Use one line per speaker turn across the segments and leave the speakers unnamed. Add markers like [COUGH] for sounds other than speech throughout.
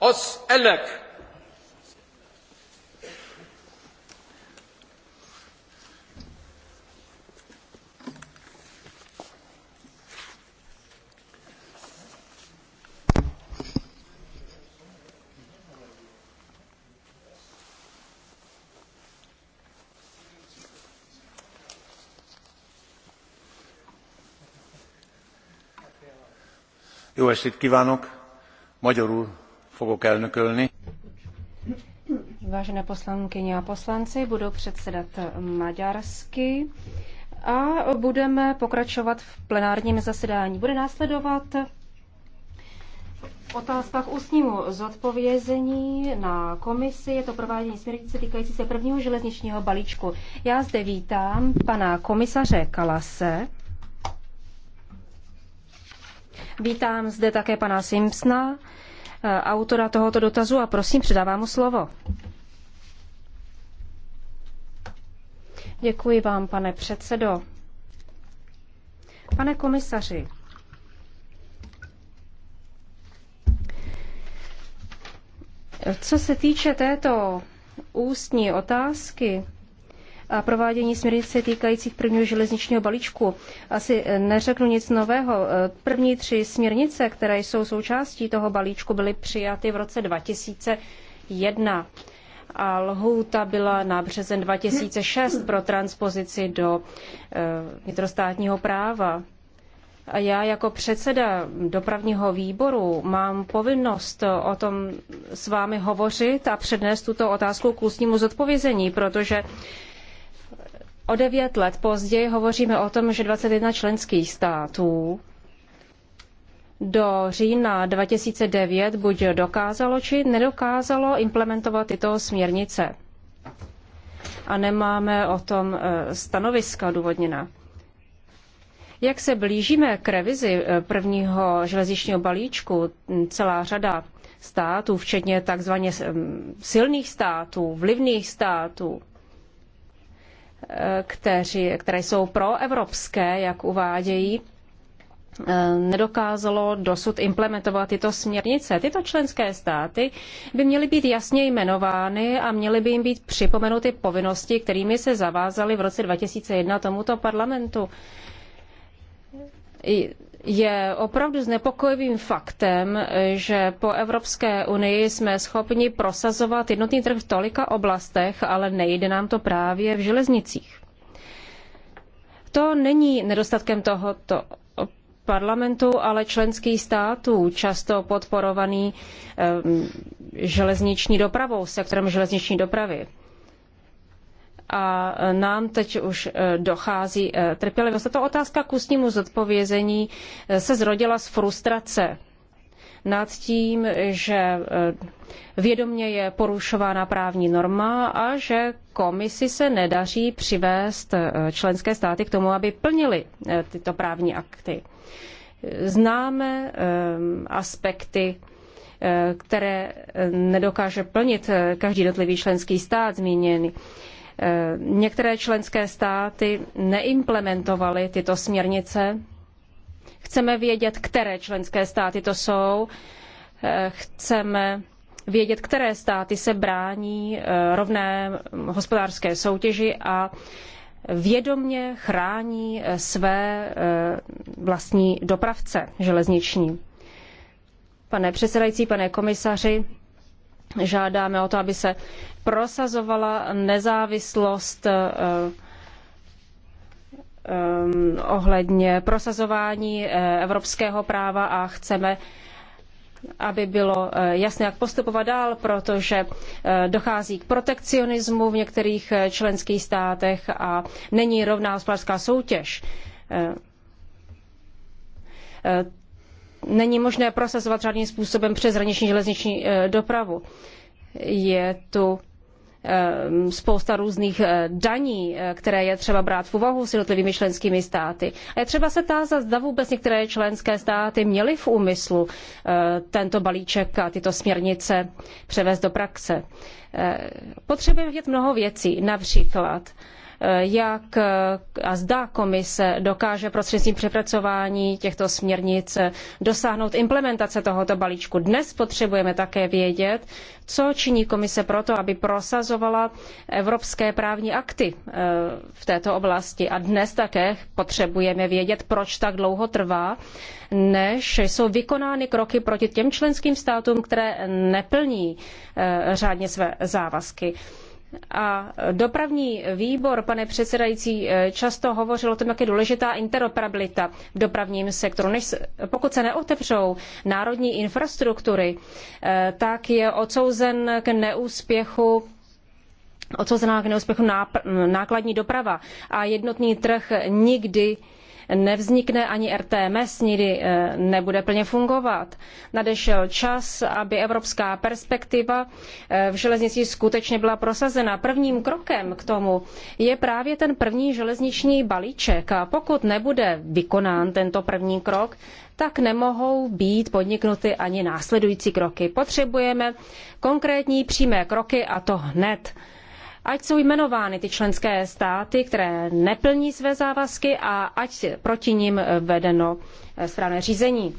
Az elek.
Jó estét kívánok! Magyarul fogok elnökölni.
Vážené poslankyně a poslanci, budu předsedat maďarsky a budeme pokračovat v plenárním zasedání. Bude následovat otázka k ústnímu zodpovězení na komisi. Je to provádění směrnice týkající se prvního železničního balíčku. Já zde vítám pana komisaře Kalase. Vítám zde také pana Simpsona Eh, autora tohoto dotazu a prosím, předávám mu slovo. Děkuji vám, pane předsedo. Pane komisaři, co se týče této ústní otázky, a provádění směrnice týkajících prvního železničního balíčku. Asi eh, neřeknu nic nového. Eh, první tři směrnice, které jsou součástí toho balíčku, byly přijaty v roce 2001 a lhůta byla na březen 2006 pro transpozici do eh, vnitrostátního práva. A já jako předseda dopravního výboru mám povinnost o tom s vámi hovořit a přednést tuto otázku k ústnímu zodpovězení, protože O devět let později hovoříme o tom, že 21 členských států do října 2009 buď dokázalo, či nedokázalo implementovat tyto směrnice. A nemáme o tom e, stanoviska důvodněna. Jak se blížíme k revizi e, prvního železničního balíčku, celá řada států, včetně takzvaně silných států, vlivných států, kteří, které jsou proevropské, jak uvádějí, eh, nedokázalo dosud implementovat tyto směrnice. Tyto členské státy by měly být jasně jmenovány a měly by jim být připomenuty povinnosti, kterými se zavázaly v roce 2001 tomuto parlamentu je opravdu znepokojivým faktem, že po Evropské unii jsme schopni prosazovat jednotný trh v tolika oblastech, ale nejde nám to právě v železnicích. To není nedostatkem tohoto parlamentu, ale členských států, často podporovaný eh, železniční dopravou, sektorem železniční dopravy a e, nám teď už e, dochází e, trpělivost. Tato otázka k ústnímu zodpovězení se zrodila z frustrace nad tím, že vědomě je porušována právní norma a že komisi se nedaří přivést členské státy k tomu, aby plnili tyto právní akty. Známe aspekty které nedokáže plnit každý dotlivý členský stát zmíněný. Eh, některé členské státy neimplementovaly tyto směrnice. Chceme vědět, které členské státy to jsou. Eh, chceme vědět, které státy se brání eh, rovné hospodářské soutěži a vědomně chrání své vlastní dopravce železniční. Pane předsedající, pane komisaři, žádáme o to, aby se prosazovala nezávislost eh, eh, ohledně prosazování eh, evropského práva a chceme aby bylo jasné, jak postupovat dál, protože dochází k protekcionismu v některých členských státech a není rovná hospodářská soutěž. Není možné prosazovat žádným způsobem přeshraniční železniční dopravu. Je tu Ehm, spousta různých eh, daní, eh, které je třeba brát v úvahu s jednotlivými členskými státy. A je třeba se tázat, zda vůbec některé členské státy měly v úmyslu eh, tento balíček a tyto směrnice převést do praxe. Potřebujeme vědět mnoho věcí, například jak a zda komise dokáže prostřednictvím přepracování těchto směrnic dosáhnout implementace tohoto balíčku. Dnes potřebujeme také vědět, co činí komise proto, aby prosazovala evropské právní akty eh, v této oblasti. A dnes také potřebujeme vědět, proč tak dlouho trvá, než jsou vykonány kroky proti těm členským státům, které neplní eh, řádně své závazky. A dopravní výbor, pane předsedající, eh, často hovořil o tom, jak je důležitá interoperabilita v dopravním sektoru. Než, pokud se neotevřou národní infrastruktury, eh, tak je odsouzen k neúspěchu odsouzená k neúspěchu nákladní doprava a jednotný trh nikdy nevznikne ani RTMS, nikdy eh, nebude plně fungovat. Nadešel čas, aby evropská perspektiva eh, v železnici skutečně byla prosazena. Prvním krokem k tomu je právě ten první železniční balíček. A pokud nebude vykonán tento první krok, tak nemohou být podniknuty ani následující kroky. Potřebujeme konkrétní přímé kroky a to hned ať jsou jmenovány ty členské státy, které neplní své závazky a ať proti nim vedeno eh, správné řízení.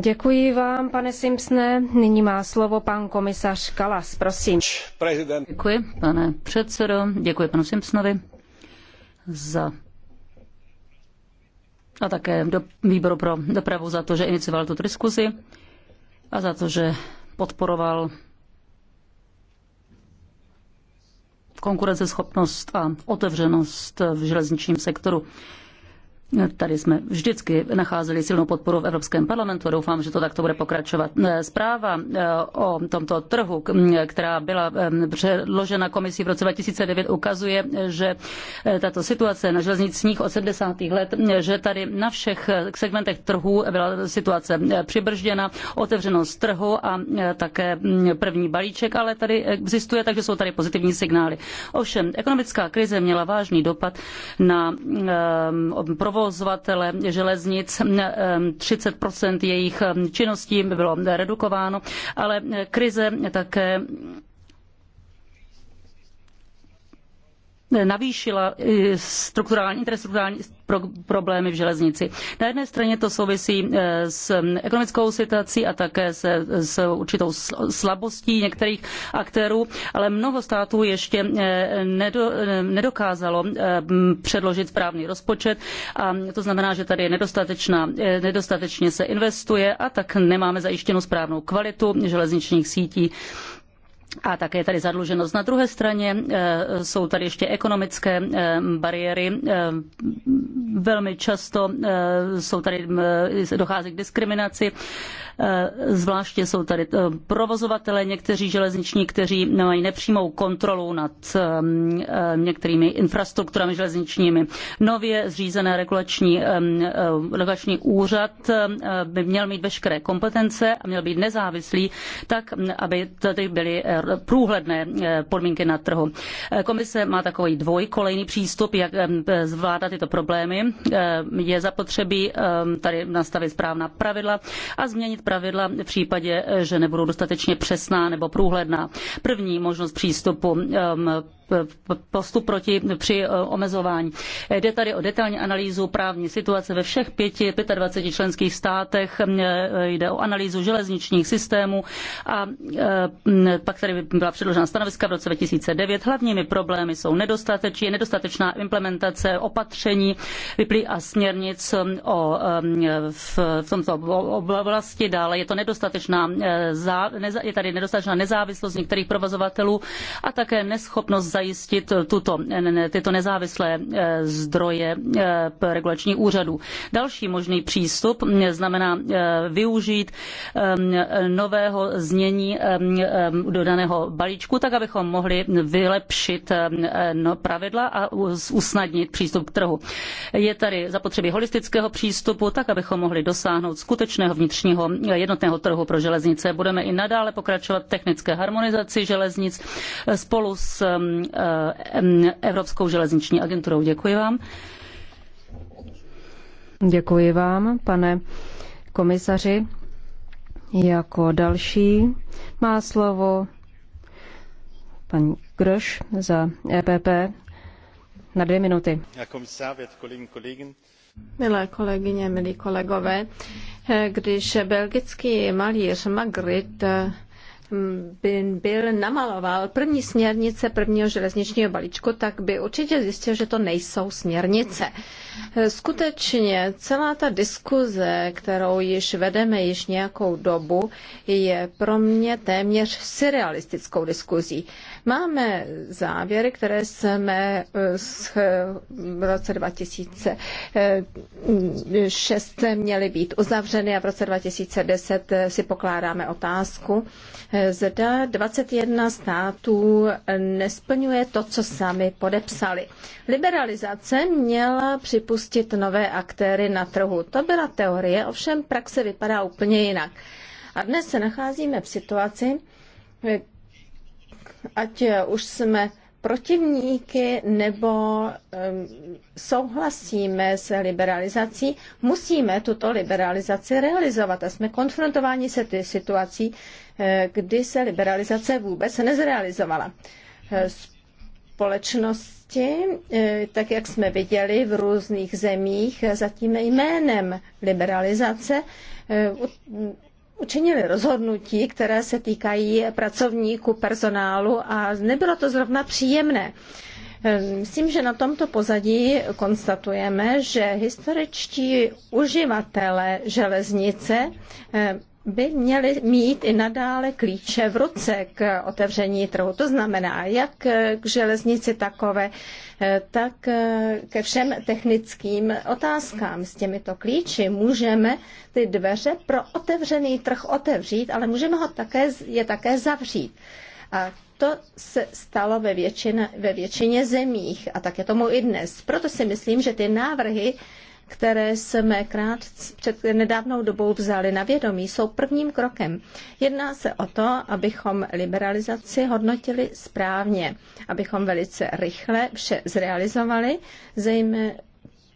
Děkuji vám, pane Simpsone. Nyní má slovo pan komisař Kalas, prosím. Děkuji, pane předsedo, děkuji panu
Simpsonovi za a také do výboru pro dopravu za to, že inicioval tuto diskuzi a za to, že podporoval konkurenceschopnost a otevřenost v železničním sektoru. Tady jsme vždycky nacházeli silnou podporu v Evropském parlamentu a doufám, že to takto bude pokračovat. Eh, zpráva eh, o tomto trhu, která byla eh, předložena komisí v roce 2009, ukazuje, že tato situace na železnicích od 70. let, že tady na všech segmentech trhu byla situace přibržděna, otevřenost trhu a také mm, první balíček, ale tady existuje, takže jsou tady pozitivní signály. Ovšem, ekonomická krize měla vážný dopad na provoz provozovatele železnic, 30% jejich činností bylo redukováno, ale krize také navýšila strukturální, interstrukturální problémy v železnici. Na jedné straně to souvisí eh, s mm, ekonomickou situací a také se, s určitou slabostí některých aktérů, ale mnoho států ještě eh, nedo, eh, nedokázalo mm, předložit správný rozpočet a to znamená, že tady je nedostatečná, nedostatečně se investuje a tak nemáme zajištěnou správnou kvalitu železničních sítí a také tady zadluženost. Na druhé straně eh, jsou tady ještě ekonomické eh, bariéry. Eh, velmi často jsou tady, dochází k diskriminaci. Zvláště jsou tady provozovatele, někteří železniční, kteří mají nepřímou kontrolu nad některými infrastrukturami železničními. Nově zřízený regulační, regulační úřad by měl mít veškeré kompetence a měl být nezávislý, tak aby tady byly průhledné eh, podmínky na trhu. Eh, komise má takový dvojkolejný přístup, jak eh, zvládat tyto problémy. Je zapotřebí tady nastavit správná pravidla a změnit pravidla v případě, že nebudou dostatečně přesná nebo průhledná. První možnost přístupu postup proti při omezování. Jde tady o detailní analýzu právní situace ve všech pěti, 25 členských státech, jde o analýzu železničních systémů a pak tady tedy byla předložena stanoviska v roce 2009. Hlavními problémy jsou nedostatečná, nedostatečná implementace opatření vyplý a směrnic um, o, um, v, v tomto oblasti. Dále je to nedostatečná, eh, je tady nedostatečná nezávislost některých provozovatelů a také neschopnost zajistit tuto, tyto nezávislé eh, zdroje eh, regulačních úřadů. Další možný přístup znamená využít ehm, nového znění ehm, ehm, dodaného zeleného balíčku, tak abychom mohli vylepšit eh, no, pravidla a usnadnit přístup k trhu. Je tady zapotřebí holistického přístupu, tak abychom mohli dosáhnout skutečného vnitřního jednotného trhu pro železnice. Budeme i nadále pokračovat v technické harmonizaci železnic eh, spolu s mm, eh, mm, Evropskou železniční agenturou. Děkuji vám.
Děkuji vám, pane komisaři. Jako další má slovo Pan Grosch za EPP na dvě minuty. Milé kolegyně, milí
kolegové, když belgický malíř Magritte by mm, byl namaloval první směrnice prvního železničního balíčku, tak by určitě zjistil, že to nejsou směrnice. Skutečně celá ta diskuze, kterou již vedeme již nějakou dobu, je pro mě téměř surrealistickou diskuzí. Máme závěry, které jsme eh, v roce 2006 měly být uzavřeny a v roce 2010 eh, si pokládáme otázku, eh, zda 21 států nesplňuje to, co sami podepsali. Liberalizace měla připustit nové aktéry na trhu. To byla teorie, ovšem praxe vypadá úplně jinak. A dnes se nacházíme v situaci, ať už jsme protivníky nebo um, souhlasíme s liberalizací, musíme tuto liberalizaci realizovat. A jsme konfrontováni se ty situací, eh, kdy se liberalizace vůbec nezrealizovala. Eh, společnosti, eh, tak jak jsme viděli v různých zemích, zatím jménem liberalizace učinili rozhodnutí, které se týkají pracovníků, personálu a nebylo to zrovna příjemné. Myslím, že na tomto pozadí konstatujeme, že historičtí uživatelé železnice by měly mít i nadále klíče v ruce k otevření trhu. To znamená, jak k železnici takové, tak ke všem technickým otázkám. S těmito klíči můžeme ty dveře pro otevřený trh otevřít, ale můžeme ho také, je také zavřít. A to se stalo ve, většina, ve většině zemích a tak je tomu i dnes. Proto si myslím, že ty návrhy které jsme krát před nedávnou dobou vzali na vědomí, jsou prvním krokem. Jedná se o to, abychom liberalizaci hodnotili správně, abychom velice rychle vše zrealizovali, zejména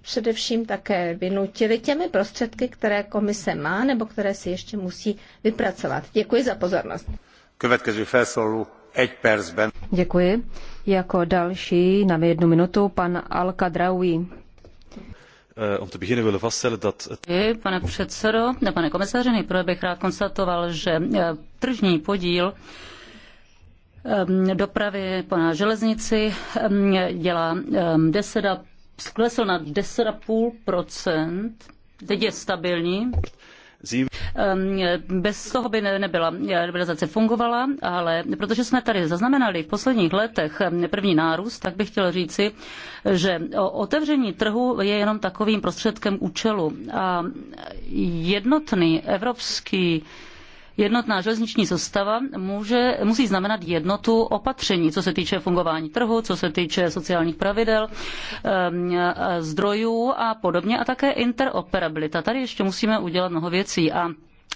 především také vynutili těmi prostředky, které komise má nebo které si ještě musí vypracovat. Děkuji za pozornost.
Děkuji. Jako další na jednu minutu pan Al-Kadraoui.
Eh,
pane předsedo, pane komisaři, nejprve bych rád konstatoval, že eh, tržní podíl eh, dopravy na železnici dělá 10 sklesl na 10,5%, teď je stabilní. Ehm, bez toho by nebyla liberalizace fungovala, ale protože jsme tady zaznamenali v posledních letech ehm, první nárůst, tak bych chtěl říci, že otevření trhu je jenom takovým prostředkem účelu. A jednotný evropský jednotná železniční zostava může, musí znamenat jednotu opatření, co se týče fungování trhu, co se týče sociálních pravidel, ehm, zdrojů a podobně a také interoperabilita. Tady ještě musíme udělat mnoho věcí a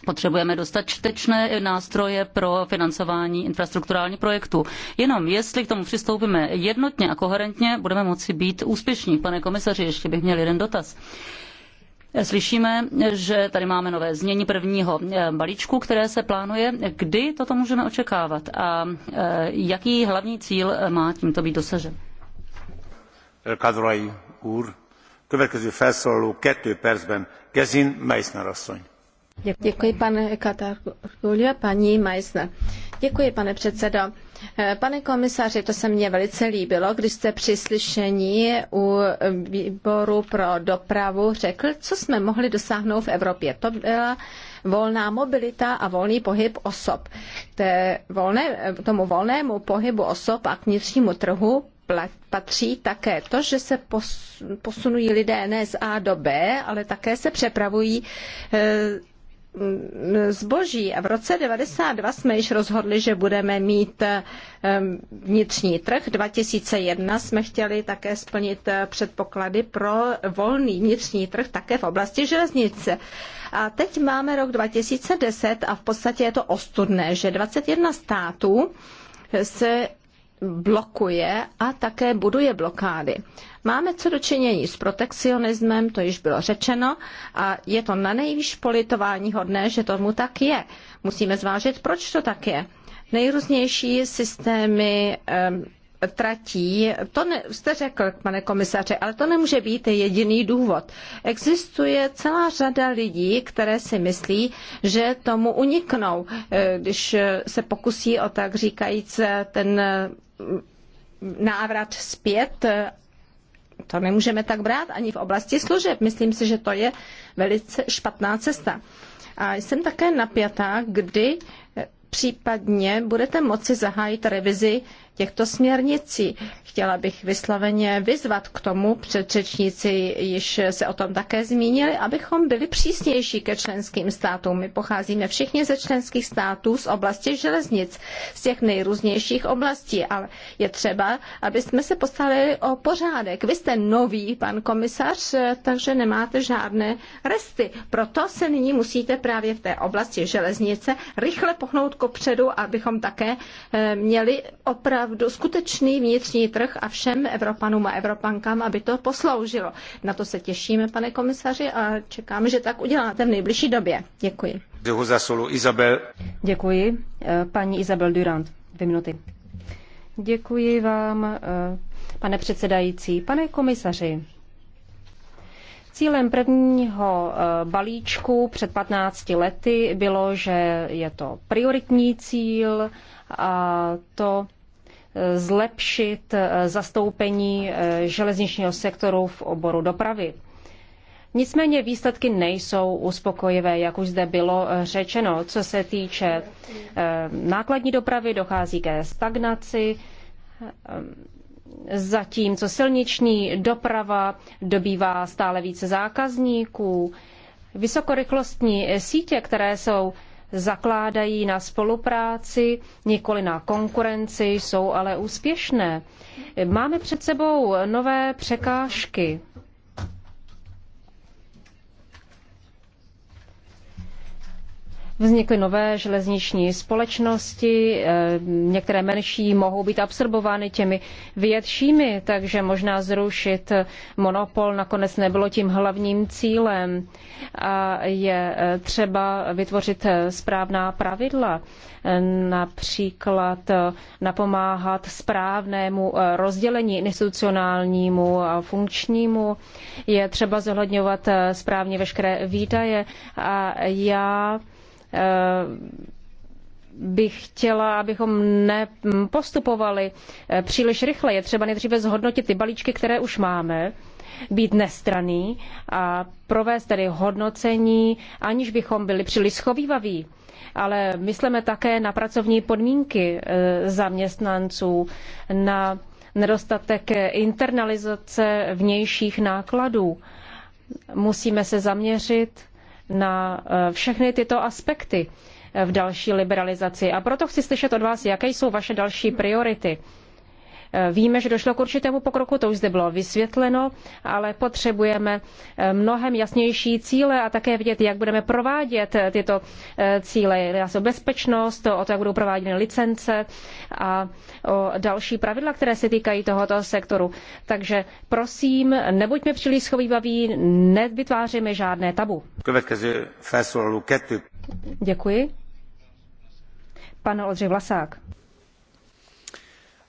Potřebujeme dostatečné nástroje pro financování infrastrukturálních projektů. Jenom jestli k tomu přistoupíme jednotně a koherentně, budeme moci být úspěšní. Pane komisaři, ještě bych měl jeden dotaz. Slyšíme, že tady máme nové znění prvního eh, balíčku, které se plánuje. Kdy toto můžeme očekávat a eh, jaký hlavní cíl eh, má tímto být dosažen?
Kadrai úr, következő felszólaló kettő percben Gezin Meissner asszony.
Děkuji, pane Katarkulia, paní Meissner. Děkuji, pane předsedo. Pane komisaři, to se mně velice líbilo, když jste při slyšení u výboru pro dopravu řekl, co jsme mohli dosáhnout v Evropě. To byla volná mobilita a volný pohyb osob. Té volné, tomu volnému pohybu osob a k vnitřnímu trhu patří také to, že se posunují lidé ne z A do B, ale také se přepravují eh, Mm, zboží. A v roce 92 jsme již rozhodli, že budeme mít eh, mm, vnitřní trh. 2001 jsme chtěli také splnit eh, předpoklady pro volný vnitřní trh také v oblasti železnice. A teď máme rok 2010 a v podstatě je to ostudné, že 21 států se blokuje a také buduje blokády. Máme co dočinění s protekcionismem, to již bylo řečeno, a je to na nejvýš politování hodné, že tomu tak je. Musíme zvážit, proč to tak je. Nejrůznější systémy tratí. To ne, jste řekl, pane komisaři, ale to nemůže být jediný důvod. Existuje celá řada lidí, které si myslí, že tomu uniknou, eh, když se pokusí o tak říkajíc ten mm, návrat zpět to nemůžeme tak brát ani v oblasti služeb. Myslím si, že to je velice špatná cesta. A jsem také napjatá, kdy případně budete moci zahájit revizi těchto směrnicí. Chtěla bych vysloveně vyzvat k tomu, předřečníci již se o tom také zmínili, abychom byli přísnější ke členským státům. My pocházíme všichni ze členských států z oblasti železnic, z těch nejrůznějších oblastí, ale je třeba, aby jsme se postavili o pořádek. Vy jste nový, pan komisař, takže nemáte žádné resty. Proto se nyní musíte právě v té oblasti železnice rychle pohnout kopředu, abychom také eh, měli opravdu opravdu skutečný vnitřní trh a všem Evropanům a Evropankám, aby to posloužilo. Na to se těšíme, pane komisaři, a čekám, že tak uděláte
v nejbližší době. Děkuji. Děkuji. Eh, paní Isabelle Durant, dvě minuty. Děkuji vám, eh, pane předsedající. Pane komisaři, Cílem prvního eh, balíčku před 15 lety bylo, že je to prioritní cíl a to zlepšit eh, zastoupení eh, železničního sektoru v oboru dopravy. Nicméně výsledky nejsou uspokojivé, jak už zde bylo eh, řečeno. Co se týče nákladní dopravy, dochází ke stagnaci, zatímco silniční doprava dobývá stále více zákazníků. Vysokorychlostní sítě, které jsou zakládají na spolupráci, nikoli na konkurenci, jsou ale úspěšné. Máme před sebou nové překážky Vznikly nové železniční společnosti, eh, některé menší mohou být absorbovány těmi většími, takže možná zrušit monopol nakonec nebylo tím hlavním cílem. A je eh, třeba vytvořit eh, správná pravidla, například napomáhat správnému rozdělení institucionálnímu a funkčnímu. Je třeba zohledňovat správně veškeré výdaje a já Eh, bych chtěla, abychom nepostupovali eh, příliš rychle. Je třeba nejdříve zhodnotit ty balíčky, které už máme, být nestraný a provést tedy hodnocení, aniž bychom byli příliš schovývaví. Ale myslíme také na pracovní podmínky eh, zaměstnanců, na nedostatek internalizace vnějších nákladů. Musíme se zaměřit na eh, všechny tyto aspekty v další liberalizaci. A proto chci slyšet od vás, jaké jsou vaše další priority Víme, že došlo k určitému pokroku, to už zde bylo vysvětleno, ale potřebujeme eh, mnohem jasnější cíle a také vidět, jak budeme provádět eh, tyto eh, cíle. Já se o bezpečnost, o to, jak budou prováděny licence a o další pravidla, které se týkají tohoto sektoru. Takže prosím, nebuďme příliš schovývaví, nevytvářejme žádné tabu. Děkuji. Pan Oldřich Vlasák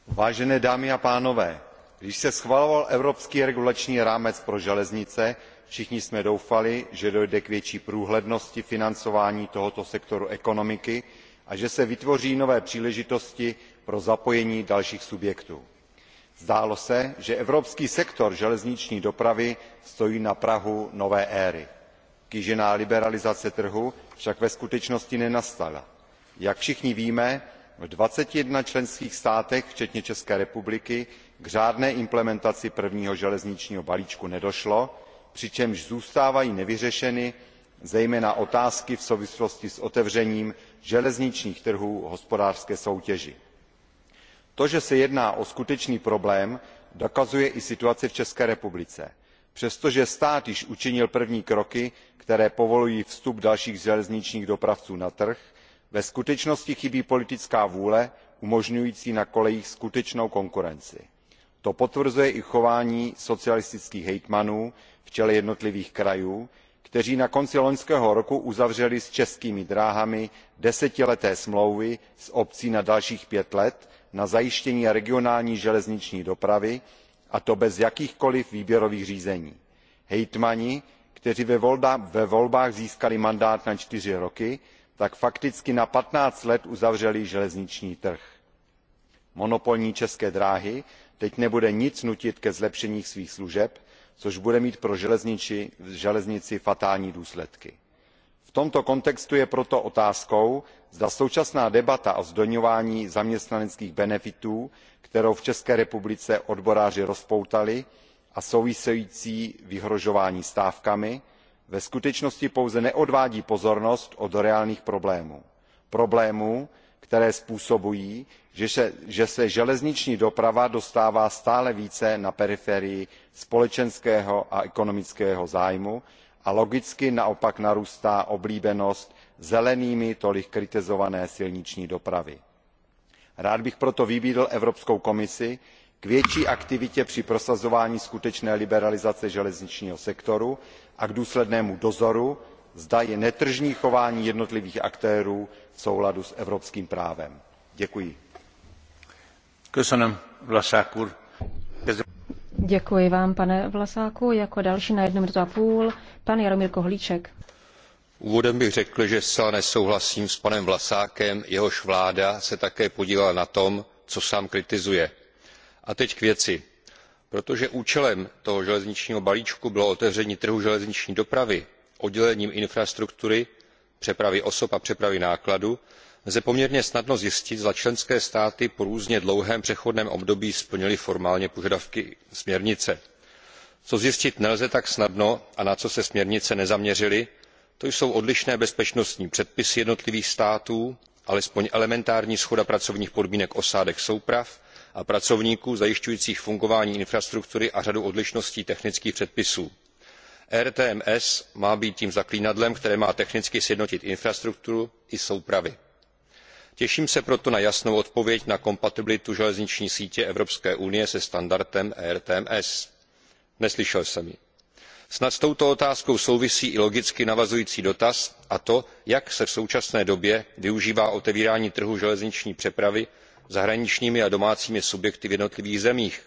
vážené dámy a pánové když se schvaloval evropský regulační rámec pro železnice všichni jsme doufali že dojde k větší průhlednosti financování tohoto sektoru ekonomiky a že se vytvoří nové příležitosti pro zapojení dalších subjektů. zdálo se že evropský sektor železniční dopravy stojí na prahu nové éry. kýžená liberalizace trhu však ve skutečnosti nenastala. jak všichni víme v twenty one členských státech včetně české republiky k řádné implementaci prvního železničního balíčku nedošlo přičemž zůstávají nevyřešeny zejména otázky v souvislosti s otevřením železničních trhů hospodářské soutěži. to že se jedná o skutečný problém dokazuje i situace v české republice. přestože stát již učinil první kroky které povolují vstup dalších železničních dopravců na trh ve skutečnosti chybí politická vůle umožňující na kolejích skutečnou konkurenci. to potvrzuje i chování socialistických hejtmanů v čele jednotlivých krajů kteří na konci loňského roku uzavřeli s českými dráhami desetileté smlouvy s opcí na dalších pět let na zajištění regionální železniční dopravy a to bez jakýchkoliv výběrových řízení. hejtmani kteří ve volbách získali mandát na čtyři roky tak fakticky na fifteen let uzavřely železniční trh. monopolní české dráhy teď nebude nic nutit ke zlepšení svých služeb což bude mít pro železnici fatální důsledky. v tomto kontextu je proto otázkou zda současná debata o zdaňování zaměstnaneckých benefitů kterou v české republice odboráři rozpoutali a související vyhrožování stávkami ve skutečnosti pouze neodvádí pozornost od reálných problémů problémů které způsobují že se železniční doprava dostává stále více na periferii společenského a ekonomického zájmu a logicky naopak narůstá oblíbenost zelenými tolik kritizované silniční dopravy. rád bych proto vybídl evropskou komisi k větší aktivitě při prosazování skutečné liberalizace železničního sektoru a k důslednému dozoru zda je netržní chování jednotlivých aktérů v souladu s evropským právem. děkuji.
Děkuji vám, pane Vlasáku. Jako další na jednu minutu a půl pan Jaromír Kohlíček.
Úvodem bych řekl, že zcela nesouhlasím s panem Vlasákem, jehož vláda se také podílela na tom, co sám kritizuje. A teď k věci protože účelem toho železničního balíčku bylo otevření trhu železniční dopravy oddělením infrastruktury přepravy osob a přepravy nákladu lze poměrně snadno zjistit zda členské státy po různě dlouhém přechodném období splnily formálně požadavky směrnice. co zjistit nelze tak snadno a na co se směrnice nezaměřily to jsou odlišné bezpečnostní předpisy jednotlivých států alespoň elementární shoda pracovních podmínek osádek souprav a pracovníků zajišťujících fungování infrastruktury a řadu odlišností technických předpisů. rtms má být tím zaklínadlem které má technicky sjednotit infrastrukturu i soupravy. těším se proto na jasnou odpověď na kompatibilitu železniční sítě evropské unie se standardem rtms. neslyšel jsem ji. snad s touto otázkou souvisí i logicky navazující dotaz a to jak se v současné době využívá otevírání trhu železniční přepravy zahraničními a domácími subjekty v jednotlivých zemích.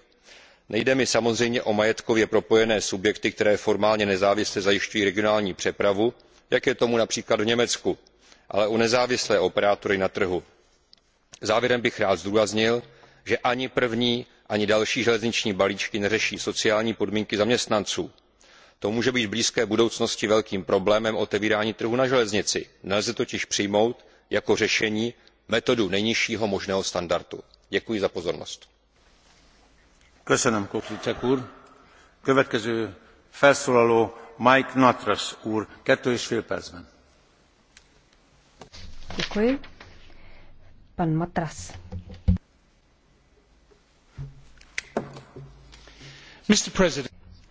nejde mi samozřejmě o majetkově propojené subjekty které formálně nezávisle zajišťují regionální přepravu jak je tomu například v německu ale o nezávislé operátory na trhu. závěrem bych rád zdůraznil že ani první ani další železniční balíčky neřeší sociální podmínky zaměstnanců. to může být v blízké budoucnosti velkým problémem otevírání trhu na železnici nelze totiž přijmout jako řešení metodu nejnižšího možného standardu.
děkuji za pozornost.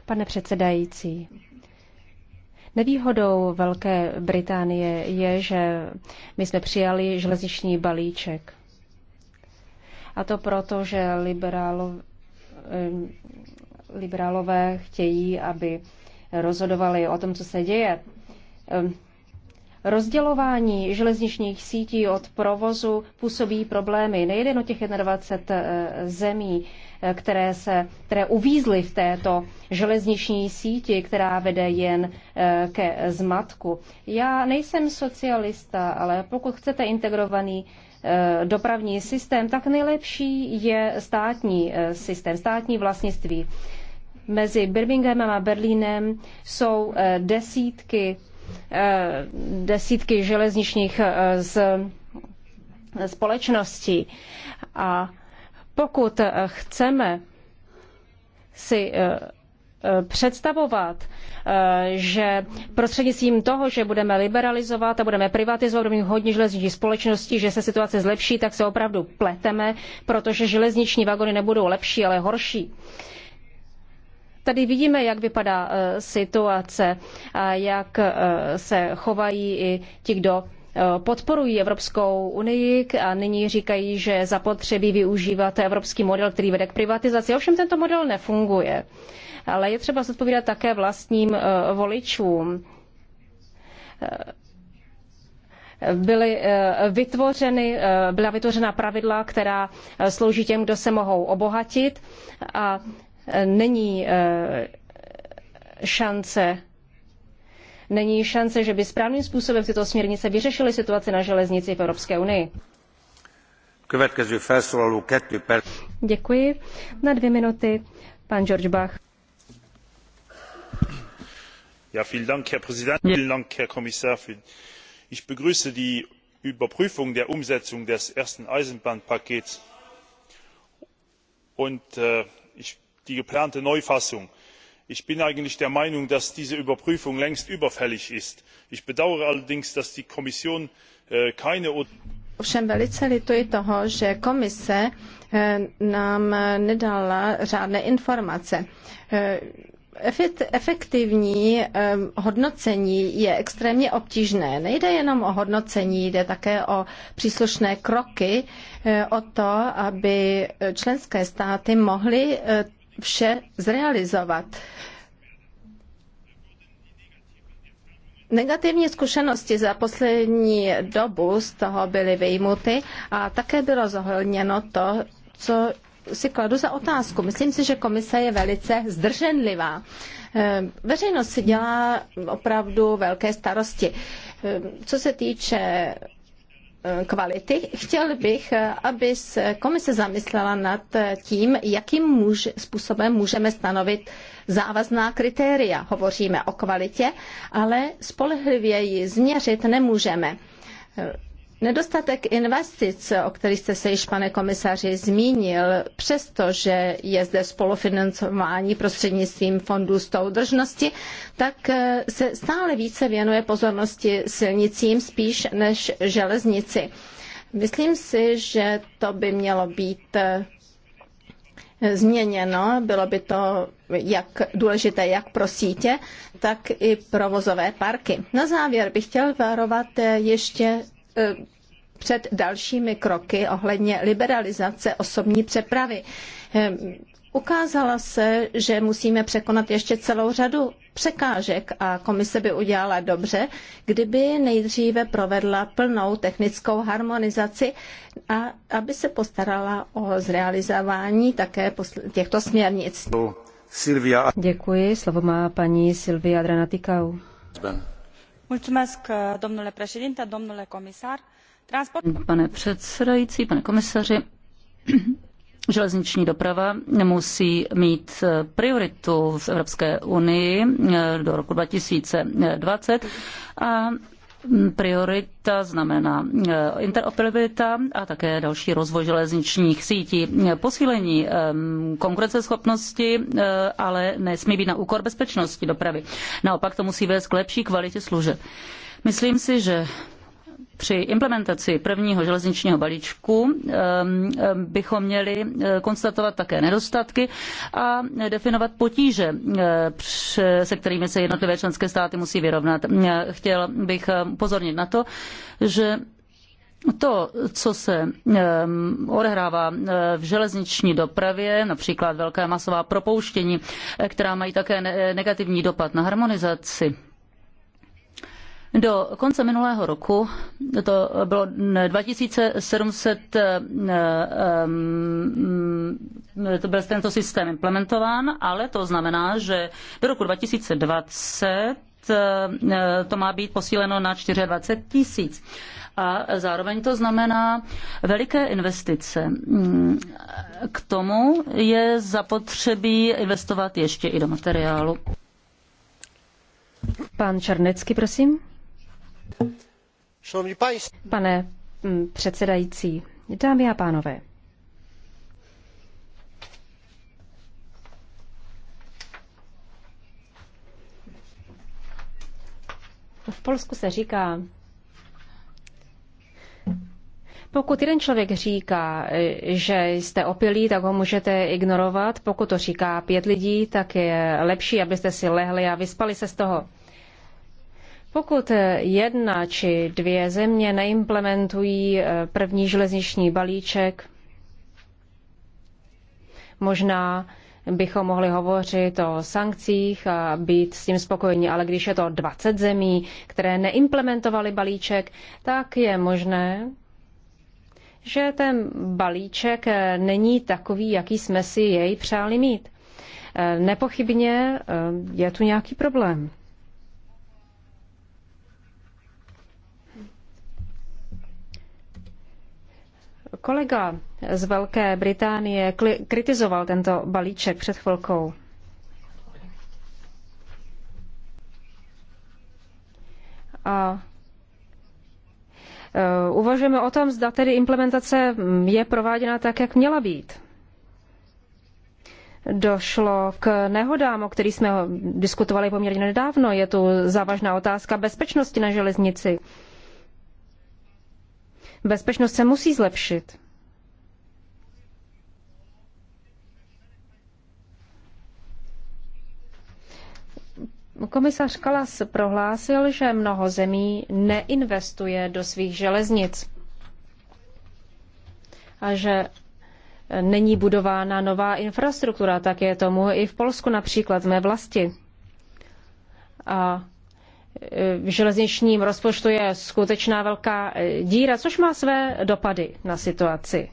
pane předsedající Nevýhodou Velké Británie je, že my jsme přijali železniční balíček. A to proto, že liberálo, liberálové chtějí, aby rozhodovali o tom, co se děje. Rozdělování železničních sítí od provozu působí problémy nejen o těch 21 eh, zemí, které, se, které uvízly v této železniční síti, která vede jen eh, ke zmatku. Já nejsem socialista, ale pokud chcete integrovaný eh, dopravní systém, tak nejlepší je státní eh, systém, státní vlastnictví. Mezi Birminghamem a Berlínem jsou desítky, desítky železničních společností a pokud eh, chceme si eh, eh, představovat, že prostřednictvím toho, že budeme liberalizovat a budeme privatizovat hodně železniční společnosti, že se situace zlepší, tak se opravdu pleteme, protože železniční vagony nebudou lepší, ale horší. Tady vidíme, jak vypadá situace a jak se chovají i ti, kdo podporují Evropskou unii a nyní říkají, že zapotřebí využívat evropský model, který vede k privatizaci. Ovšem tento model nefunguje. Ale je třeba zodpovídat také vlastním eh, voličům eh, byly eh, vytvořeny, byla vytvořena pravidla, která slouží těm, kdo se mohou obohatit a není šance není šance, že by správným způsobem tyto směrnice vyřešily situaci na železnici v Evropské unii. Děkuji. Na dvě minuty pan George Bach.
Ja, vielen Dank, Herr Präsident, vielen Dank, Herr Kommissar.
Ich begrüße die Überprüfung der Umsetzung des ersten Eisenbahnpakets und äh, ich, die geplante Neufassung ich bin eigentlich der meinung dass diese überprüfung längst überfällig ist. ich bedaure allerdings dass die kommission äh, keine
ovšem velice lituji toho, že komise äh, nám äh, nedala řádné informace. Efektivní hodnocení je extrémně obtížné. Nejde jenom o hodnocení, jde také o příslušné kroky, o to, aby členské státy mohly vše zrealizovat. Negativní zkušenosti za poslední dobu z toho byly vyjmuty a také bylo zohledněno to, co si kladu za otázku. Myslím si, že komise je velice zdrženlivá. Eh, veřejnost si dělá opravdu velké starosti. Eh, co se týče kvality, chtěl bych, aby se komise zamyslela nad tím, jakým způsobem můžeme stanovit závazná kritéria. Hovoříme o kvalitě, ale spolehlivě ji změřit nemůžeme. Nedostatek investic, o který jste se již, pane komisaři, zmínil, přestože je zde spolufinancování prostřednictvím fondů soudržnosti, tak eh, se stále více věnuje pozornosti silnicím spíš než železnici. Myslím si, že to by mělo být eh, změněno. Bylo by to jak důležité jak pro sítě, tak i provozové parky. Na závěr bych chtěl varovat eh, ještě Eh, před dalšími kroky ohledně liberalizace osobní přepravy. Eh, ukázala se, že musíme překonat ještě celou řadu překážek a komise by udělala dobře, kdyby nejdříve provedla plnou technickou harmonizaci a aby se postarala o zrealizování také těchto směrnic.
Děkuji, slovo má paní Silvia Dranatikau. Pane předsedající, pane komisaři,
[CLEARS THROAT] železniční doprava musí mít eh, prioritu v Evropské unii eh, do roku 2020 a priorita znamená eh, interoperabilita a také další rozvoj železničních sítí. Posílení ehm, konkurenceschopnosti eh, ale nesmí být na úkor bezpečnosti dopravy. Naopak to musí vést k lepší kvalitě služeb. Myslím si, že při implementaci prvního železničního balíčku um, um, bychom měli uh, konstatovat také nedostatky a definovat potíže, uh, se kterými se jednotlivé členské státy musí vyrovnat. Uh, chtěl bych upozornit na to, že to, co se um, odehrává v železniční dopravě, například velká masová propouštění, která mají také negativní dopad na harmonizaci do konce minulého roku to bylo 2700 eh, eh, to byl tento systém implementován, ale to znamená, že do roku 2020 eh, to má být posíleno na 24 tisíc. A zároveň to znamená veliké investice. Mm, k tomu je zapotřebí investovat ještě i
do materiálu. Pan Černecký, prosím. Pane mm, předsedající, dámy a pánové, v Polsku se říká, pokud jeden člověk říká, e, že jste opilí, tak ho můžete ignorovat. Pokud to říká pět lidí, tak je lepší, abyste si lehli a vyspali se z toho. Pokud jedna či dvě země neimplementují eh, první železniční balíček, možná bychom mohli hovořit o sankcích a být s tím spokojeni, ale když je to 20 zemí, které neimplementovaly balíček, tak je možné, že ten balíček eh, není takový, jaký jsme si jej přáli mít. Eh, nepochybně je tu nějaký problém. Kolega z Velké Británie kritizoval tento balíček před chvilkou. A e, uvažujeme o tom, zda tedy implementace mm, je prováděna tak, jak měla být. Došlo k nehodám, o kterých jsme diskutovali poměrně nedávno. Je tu závažná otázka bezpečnosti na železnici. Bezpečnost se musí zlepšit. Komisař Kalas prohlásil, že mnoho zemí neinvestuje do svých železnic a že není budována nová infrastruktura, tak je tomu i v Polsku například, v mé vlasti. A v železničním rozpočtu je skutečná velká eh, díra, což má své dopady na situaci.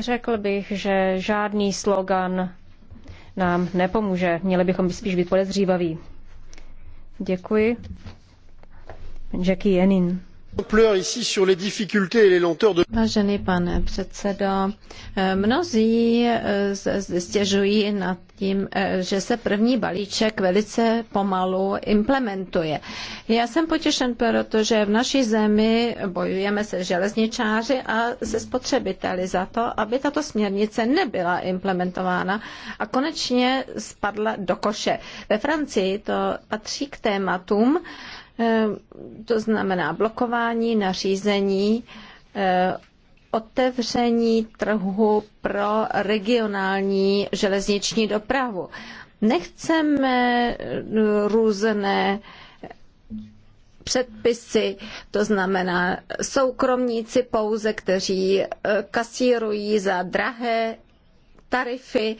Řekl bych, že žádný slogan nám nepomůže. Měli bychom spíš být podezřívaví. Děkuji. Jackie Jenin. Vážený pane předsedo,
eh, mnozí eh, stěžují nad tím, eh, že se první balíček velice pomalu implementuje. Já jsem potěšen, protože v naší zemi bojujeme se železničáři a se spotřebiteli za to, aby tato směrnice nebyla implementována a konečně spadla do koše. Ve Francii to patří k tématům, Ehm, to znamená blokování nařízení eh, otevření trhu pro regionální železniční dopravu. Nechceme eh, různé předpisy, to znamená soukromníci pouze, kteří eh, kasírují za drahé tarify.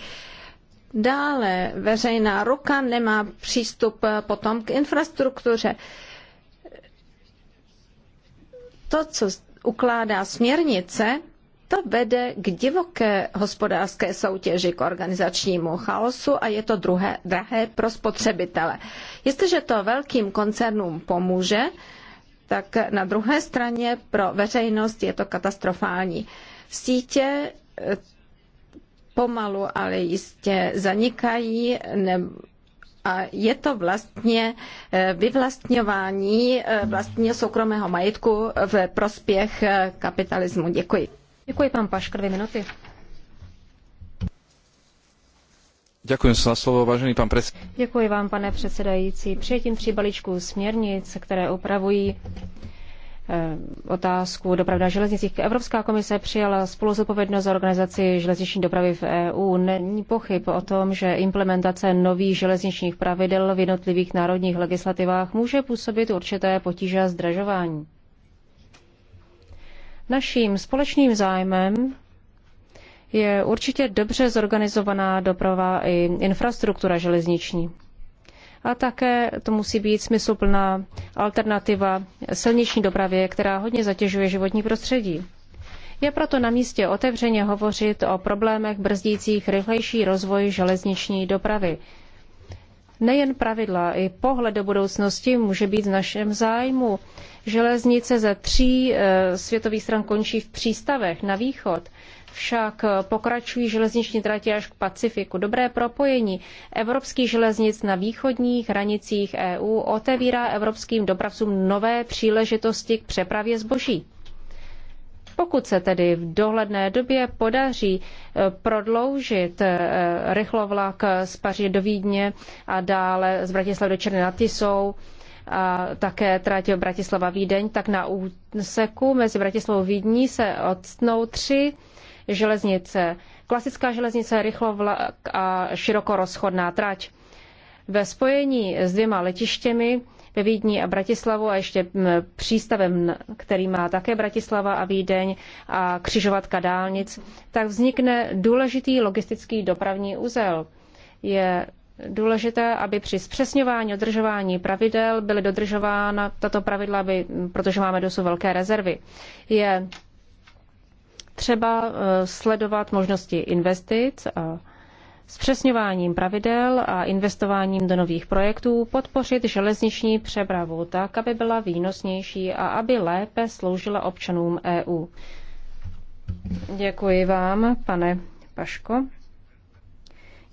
Dále veřejná ruka nemá přístup potom k infrastruktuře to, co ukládá směrnice, to vede k divoké hospodářské soutěži, k organizačnímu chaosu a je to druhé, drahé pro spotřebitele. Jestliže to velkým koncernům pomůže, tak na druhé straně pro veřejnost je to katastrofální. Sítě eh, pomalu, ale jistě zanikají, nebo a je to vlastně eh, vyvlastňování eh, vlastního soukromého majetku v prospěch eh, kapitalismu. Děkuji. Děkuji, pan Paškr, dvě minuty.
Děkuji za slovo, vážený pan pres.
Děkuji vám, pane předsedající. Přijetím tří balíčků směrnic, které upravují Eh, otázku dopravy na železnicích. Evropská komise přijala zodpovědnost za organizaci železniční dopravy v EU. Není pochyb o tom, že implementace nových železničních pravidel v jednotlivých národních legislativách může působit určité potíže a zdražování. Naším společným zájmem je určitě dobře zorganizovaná doprava i infrastruktura železniční a také to musí být smysluplná alternativa silniční dopravě, která hodně zatěžuje životní prostředí. Je proto na místě otevřeně hovořit o problémech brzdících rychlejší rozvoj železniční dopravy. Nejen pravidla, i pohled do budoucnosti může být v našem zájmu. Železnice ze tří e, světových stran končí v přístavech na východ však pokračují železniční trati až k Pacifiku. Dobré propojení evropských železnic na východních hranicích EU otevírá evropským dopravcům nové příležitosti k přepravě zboží. Pokud se tedy v dohledné době podaří eh, prodloužit eh, rychlovlak z Paří do Vídně a dále z Bratislavy do Černé na Tisou, a také trať Bratislava Vídeň, tak na úseku mezi Bratislavou Vídní se odstnou tři železnice. Klasická železnice, rychlovlak a širokorozchodná trať. Ve spojení s dvěma letištěmi ve Vídni a Bratislavu a ještě přístavem, který má také Bratislava a Vídeň a křižovatka dálnic, tak vznikne důležitý logistický dopravní úzel. Je důležité, aby při zpřesňování dodržování pravidel byly dodržována tato pravidla, aby, protože máme dosud velké rezervy. Je třeba eh, sledovat možnosti investic a přesňováním pravidel a investováním do nových projektů podpořit železniční přepravu tak, aby byla výnosnější a aby lépe sloužila občanům EU. Děkuji vám, pane Paško.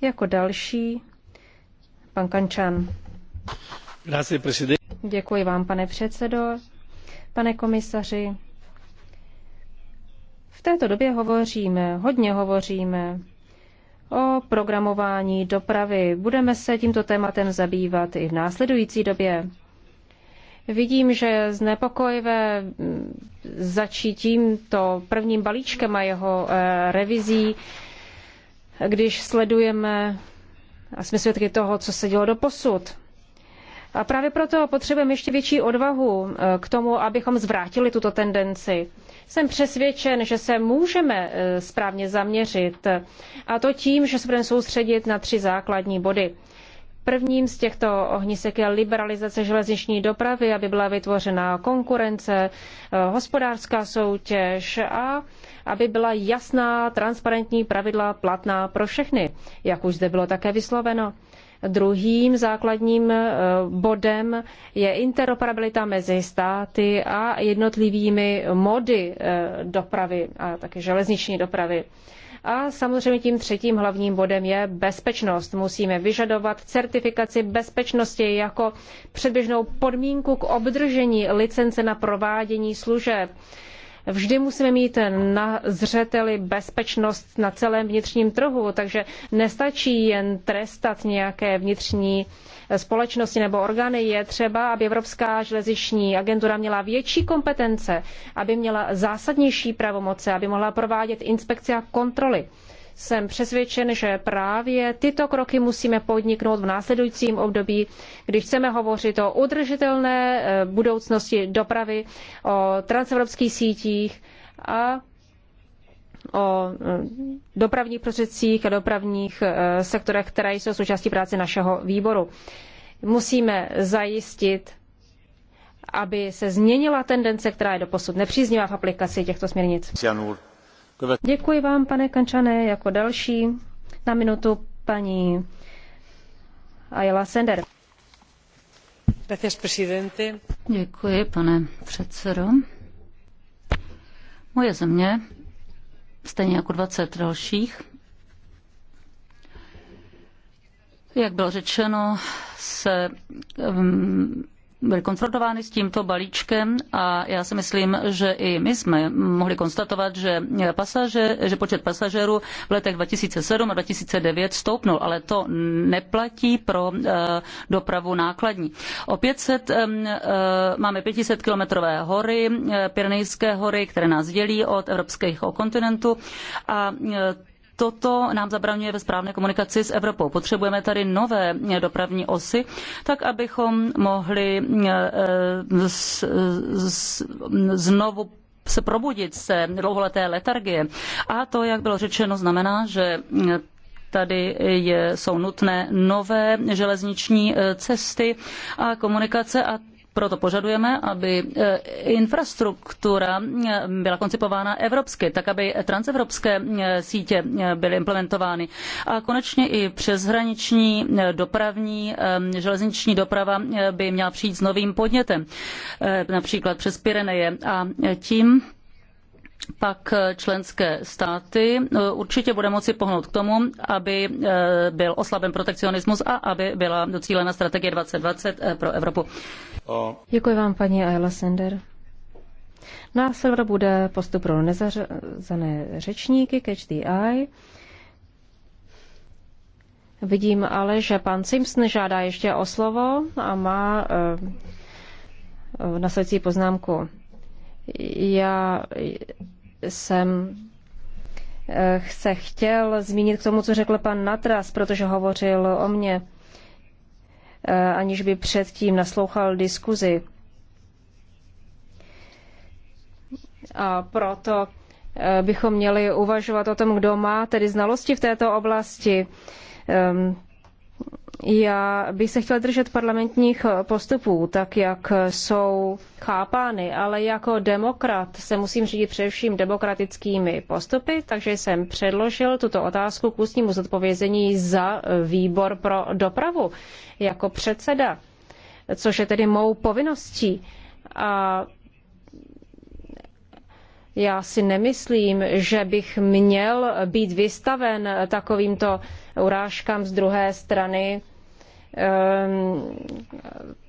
Jako další pan Kančan. Děkuji vám, pane předsedo, pane komisaři, této době hovoříme, hodně hovoříme o programování dopravy. Budeme se tímto tématem zabývat i v následující době. Vidím, že znepokojivé mm, začít tímto prvním balíčkem a jeho eh, revizí, když sledujeme a jsme svědky toho, co se dělo do posud. A právě proto potřebujeme ještě větší odvahu eh, k tomu, abychom zvrátili tuto tendenci. Jsem přesvědčen, že se můžeme e, správně zaměřit, a to tím, že se budeme soustředit na tři základní body. Prvním z těchto ohnisek je liberalizace železniční dopravy, aby byla vytvořena konkurence, e, hospodářská soutěž a aby byla jasná, transparentní pravidla platná pro všechny, jak už zde bylo také vysloveno. Druhým základním eh, bodem je interoperabilita mezi státy a jednotlivými mody eh, dopravy a také železniční dopravy. A samozřejmě tím třetím hlavním bodem je bezpečnost. Musíme vyžadovat certifikaci bezpečnosti jako předběžnou podmínku k obdržení licence na provádění služeb. Vždy musíme mít na zřeteli bezpečnost na celém vnitřním trhu, takže nestačí jen trestat nějaké vnitřní společnosti nebo orgány. Je třeba, aby Evropská železniční agentura měla větší kompetence, aby měla zásadnější pravomoce, aby mohla provádět inspekce a kontroly jsem přesvědčen, že právě tyto kroky musíme podniknout v následujícím období, když chceme hovořit o udržitelné eh, budoucnosti dopravy, o transevropských sítích a o eh, dopravních prostředcích a dopravních eh, sektorech, které jsou součástí práce našeho výboru. Musíme zajistit, aby se změnila tendence, která je doposud nepříznivá v aplikaci těchto směrnic. Děkuji vám, pane Kančané, jako další. Na minutu paní Ayala Sender. Děkuji, pane
předsedo. Moje země, stejně jako 20 dalších, jak bylo řečeno, se um, byly konfrontovány s tímto balíčkem a já si myslím, že i my jsme mohli konstatovat, že, pasaže, že počet pasažerů v letech 2007 a 2009 stoupnul, ale to neplatí pro eh, dopravu nákladní. O 500, eh, eh, máme 500 kilometrové hory, Pyrenejské hory, které nás dělí od evropského kontinentu a toto nám zabraňuje ve správné komunikaci s Evropou. Potřebujeme tady nové eh, dopravní osy, tak abychom mohli eh, eh, znovu se probudit se dlouholeté letargie. A to, jak bylo řečeno, znamená, že tady je, jsou nutné nové železniční cesty a komunikace a proto požadujeme, aby e, infrastruktura e, byla koncipována evropsky, tak aby transevropské e, sítě byly implementovány. A konečně i přeshraniční dopravní, železniční doprava by měla přijít s novým podnětem, například přes Pireneje. A tím pak eh, členské státy eh, určitě bude moci pohnout k tomu, aby eh, byl oslaben protekcionismus a aby byla docílena strategie 2020 pro Evropu.
Děkuji vám, paní Ayla Sender. Následovat bude postup pro nezařazené řečníky, catch the eye. Vidím ale, že pan Simpson žádá ještě o slovo a má uh, e, e, nasledující poznámku. Já jsem eh, se chtěl zmínit k tomu, co řekl pan Natras, protože hovořil o mně, eh, aniž by předtím naslouchal diskuzi. A proto eh, bychom měli uvažovat o tom, kdo má tedy znalosti v této oblasti ehm, já bych se chtěla držet parlamentních postupů, tak jak jsou chápány, ale jako demokrat se musím řídit především demokratickými postupy, takže jsem předložil tuto otázku k ústnímu zodpovězení za výbor pro dopravu jako předseda, což je tedy mou povinností. A já si nemyslím, že bych měl být vystaven takovýmto urážkám z druhé strany Ehm,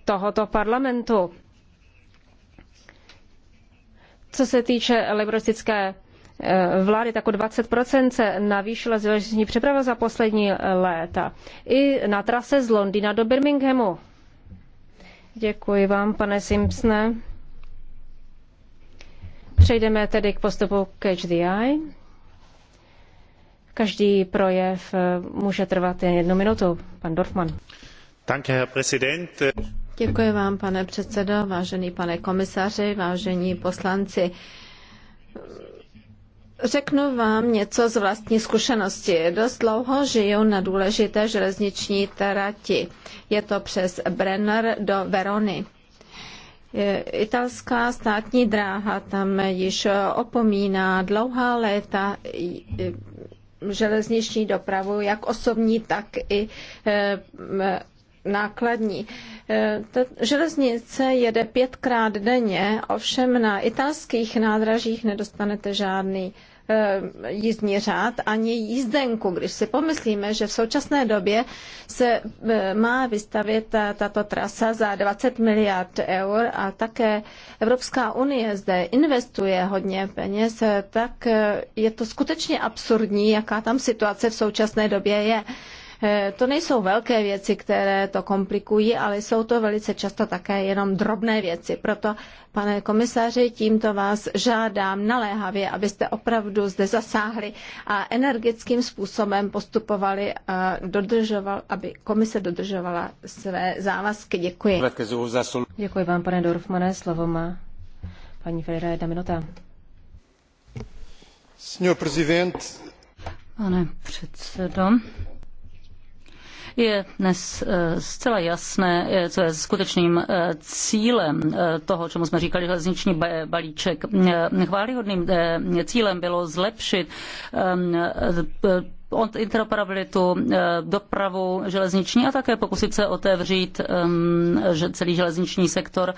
tohoto parlamentu. Co se týče liberalistické eh, vlády, tak o 20% se navýšila železniční přeprava za poslední eh, léta. I na trase z Londýna do Birminghamu. Děkuji vám, pane Simpsone. Přejdeme tedy k postupu Catch the Eye. Každý projev eh, může trvat jen jednu minutu. Pan Dorfman. Děkuji vám, pane předsedo, vážený pane komisaři,
vážení poslanci. Řeknu vám něco z vlastní zkušenosti. Dost dlouho žiju na důležité železniční trati. Je to přes Brenner do Verony. Italská státní dráha tam již opomíná dlouhá léta železniční dopravu, jak osobní, tak i eh, nákladní. Eh, železnice jede pětkrát denně, ovšem na italských nádražích nedostanete žádný eh, jízdní řád ani jízdenku. Když si pomyslíme, že v současné době se eh, má vystavět tato trasa za 20 miliard eur a také Evropská unie zde investuje hodně peněz, tak je to skutečně absurdní, jaká tam situace v současné době je. Eh, to nejsou velké věci, které to komplikují, ale jsou to velice často také jenom drobné věci. Proto, pane komisaři, tímto vás žádám naléhavě, abyste opravdu zde zasáhli a energickým způsobem postupovali a eh, dodržoval, aby komise dodržovala
své závazky. Děkuji. Děkuji vám, pane Dorfmane. Slovo má paní Ferreira, jedna minuta.
Pane předsedo, je dnes eh, zcela jasné, eh, co je skutečným eh, cílem toho, čemu jsme říkali železniční balíček. Chválihodným cílem bylo zlepšit interoperabilitu, dopravu železniční a také pokusit se otevřít celý železniční sektor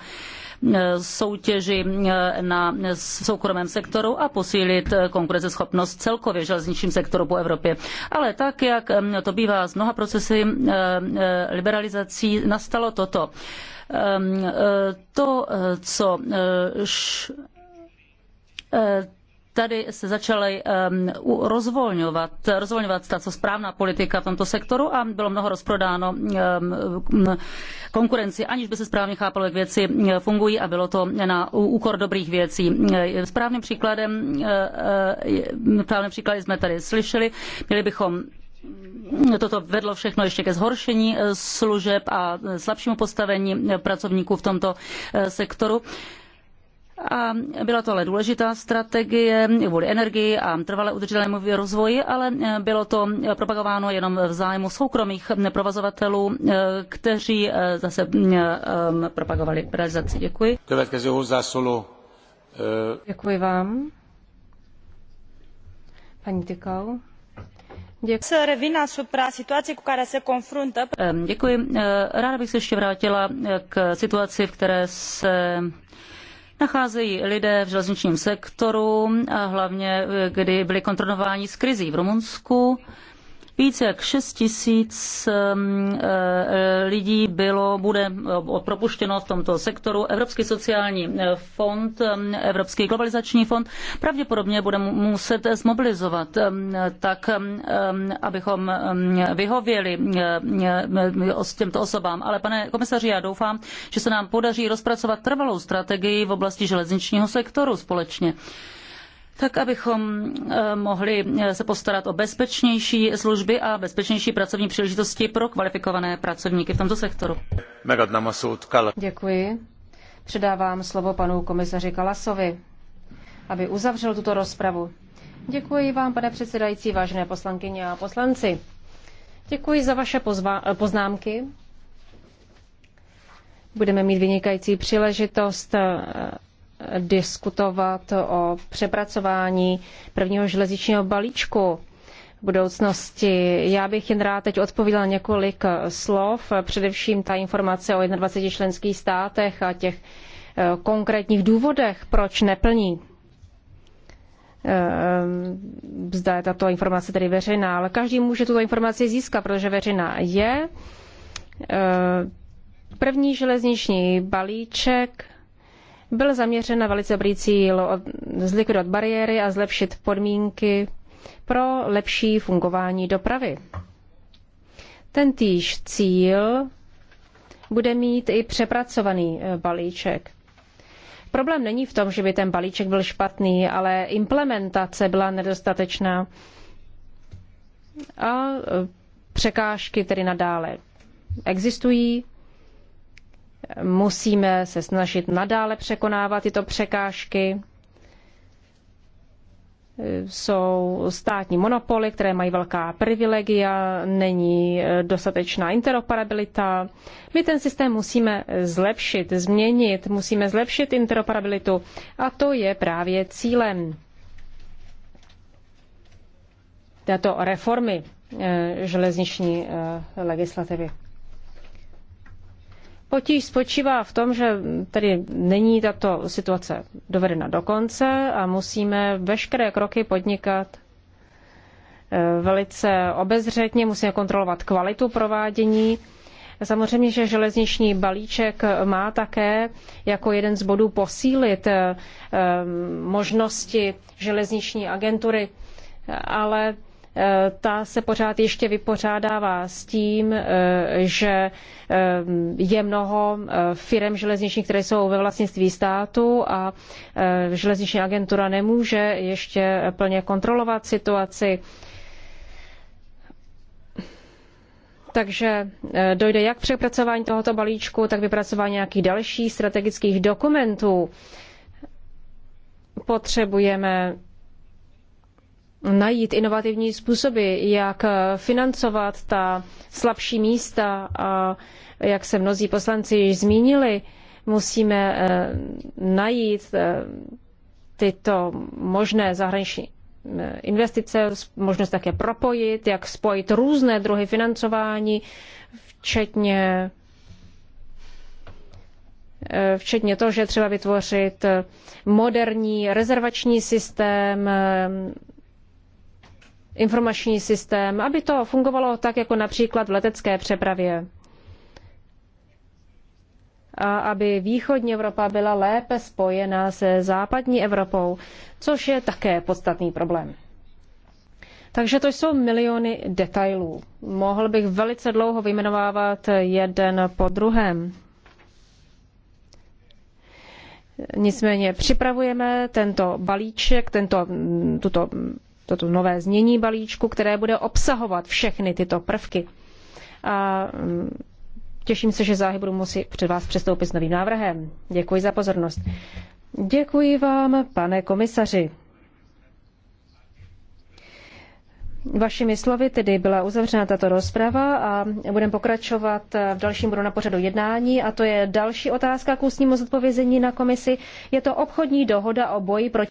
Eh, soutěži eh, na soukromém sektoru a posílit eh, konkurenceschopnost celkově v železničním sektoru po Evropě. Ale tak, jak to bývá s mnoha procesy liberalizací, nastalo toto. Ehm, to, co tady se začaly um, rozvolňovat, rozvolňovat ta co správná politika v tomto sektoru a bylo mnoho rozprodáno um, konkurenci, aniž by se správně chápalo, jak věci fungují a bylo to na úkor dobrých věcí. E, správným příkladem, e, e, správným příkladem jsme tady slyšeli, měli bychom Toto vedlo všechno ještě ke zhoršení služeb a slabšímu postavení pracovníků v tomto sektoru a byla to ale důležitá strategie kvůli energii a trvale udržitelnému rozvoji, ale eh, bylo to propagováno jenom v zájmu soukromých eh, provozovatelů, eh, kteří zase propagovali realizaci. Děkuji.
Děkuji vám. Paní Tykau. Děkuji. se Děkuji.
Ráda bych se ještě vrátila k situaci, v které se nacházejí lidé v železničním sektoru, hlavně eh, kdy byli kontrolováni z krizí v Rumunsku. Více jak 6 tisíc um, eh, lidí bylo, bude eh, propuštěno v tomto sektoru. Evropský sociální eh, fond, um, Evropský globalizační fond pravděpodobně bude muset zmobilizovat um, tak, abychom vyhověli s těmto osobám. Ale pane komisaři, já doufám, že se nám podaří rozpracovat trvalou strategii v oblasti železničního sektoru společně tak abychom eh, mohli eh, se postarat o bezpečnější služby a bezpečnější pracovní příležitosti pro kvalifikované pracovníky v tomto
sektoru. Děkuji. Předávám slovo panu komisaři Kalasovi, aby uzavřel tuto rozpravu. Děkuji vám, pane předsedající, vážené poslankyně a poslanci. Děkuji za vaše poznámky. Budeme mít vynikající příležitost eh, diskutovat o přepracování prvního železničního balíčku v budoucnosti. Já bych jen rád teď odpovídala několik slov, především ta informace o 21 členských státech a těch eh, konkrétních důvodech, proč neplní. Eh, zda je tato informace tedy veřejná, ale každý může tuto informaci získat, protože veřejná je. Eh, první železniční balíček byl zaměřen na velice dobrý cíl zlikvidovat bariéry a zlepšit podmínky pro lepší fungování dopravy. týž cíl bude mít i přepracovaný eh, balíček. Problém není v tom, že by ten balíček byl špatný, ale implementace byla nedostatečná a eh, překážky tedy nadále existují Musíme se snažit nadále překonávat tyto překážky. Jsou státní monopoly, které mají velká privilegia, není dostatečná interoperabilita. My ten systém musíme zlepšit, změnit, musíme zlepšit interoperabilitu a to je právě cílem této reformy eh, železniční eh, legislativy. Potíž spočívá v tom, že tedy není tato situace dovedena do konce a musíme veškeré kroky podnikat eh, velice obezřetně, musíme kontrolovat kvalitu provádění. Samozřejmě, že železniční balíček má také jako jeden z bodů posílit eh, eh, možnosti železniční agentury, ale Eh, ta se pořád ještě vypořádává s tím, eh, že eh, je mnoho firm železničních, které jsou ve vlastnictví státu a železniční agentura nemůže ještě plně kontrolovat situaci. Takže dojde jak k přepracování tohoto balíčku, tak vypracování nějakých dalších strategických dokumentů. Potřebujeme najít inovativní způsoby, jak financovat ta slabší místa a jak se mnozí poslanci již zmínili, musíme eh, najít eh, tyto možné zahraniční eh, investice, možnost také propojit, jak spojit různé druhy financování, včetně včetně toho, že třeba vytvořit moderní rezervační systém, informační systém, aby to fungovalo tak, jako například v letecké přepravě. A aby východní Evropa byla lépe spojena se západní Evropou, což je také podstatný problém. Takže to jsou miliony detailů. Mohl bych velice dlouho vyjmenovávat jeden po druhém. Nicméně připravujeme tento balíček, tento, tuto toto nové znění balíčku, které bude obsahovat všechny tyto prvky. A mm, těším se, že záhy budu muset před vás přestoupit s novým návrhem. Děkuji za pozornost. Děkuji vám, pane komisaři. Vašimi slovy tedy byla uzavřena tato rozprava a budeme pokračovat eh, v dalším bodu na pořadu jednání a to je další otázka k ústnímu zodpovězení na komisi. Je to obchodní dohoda o boji proti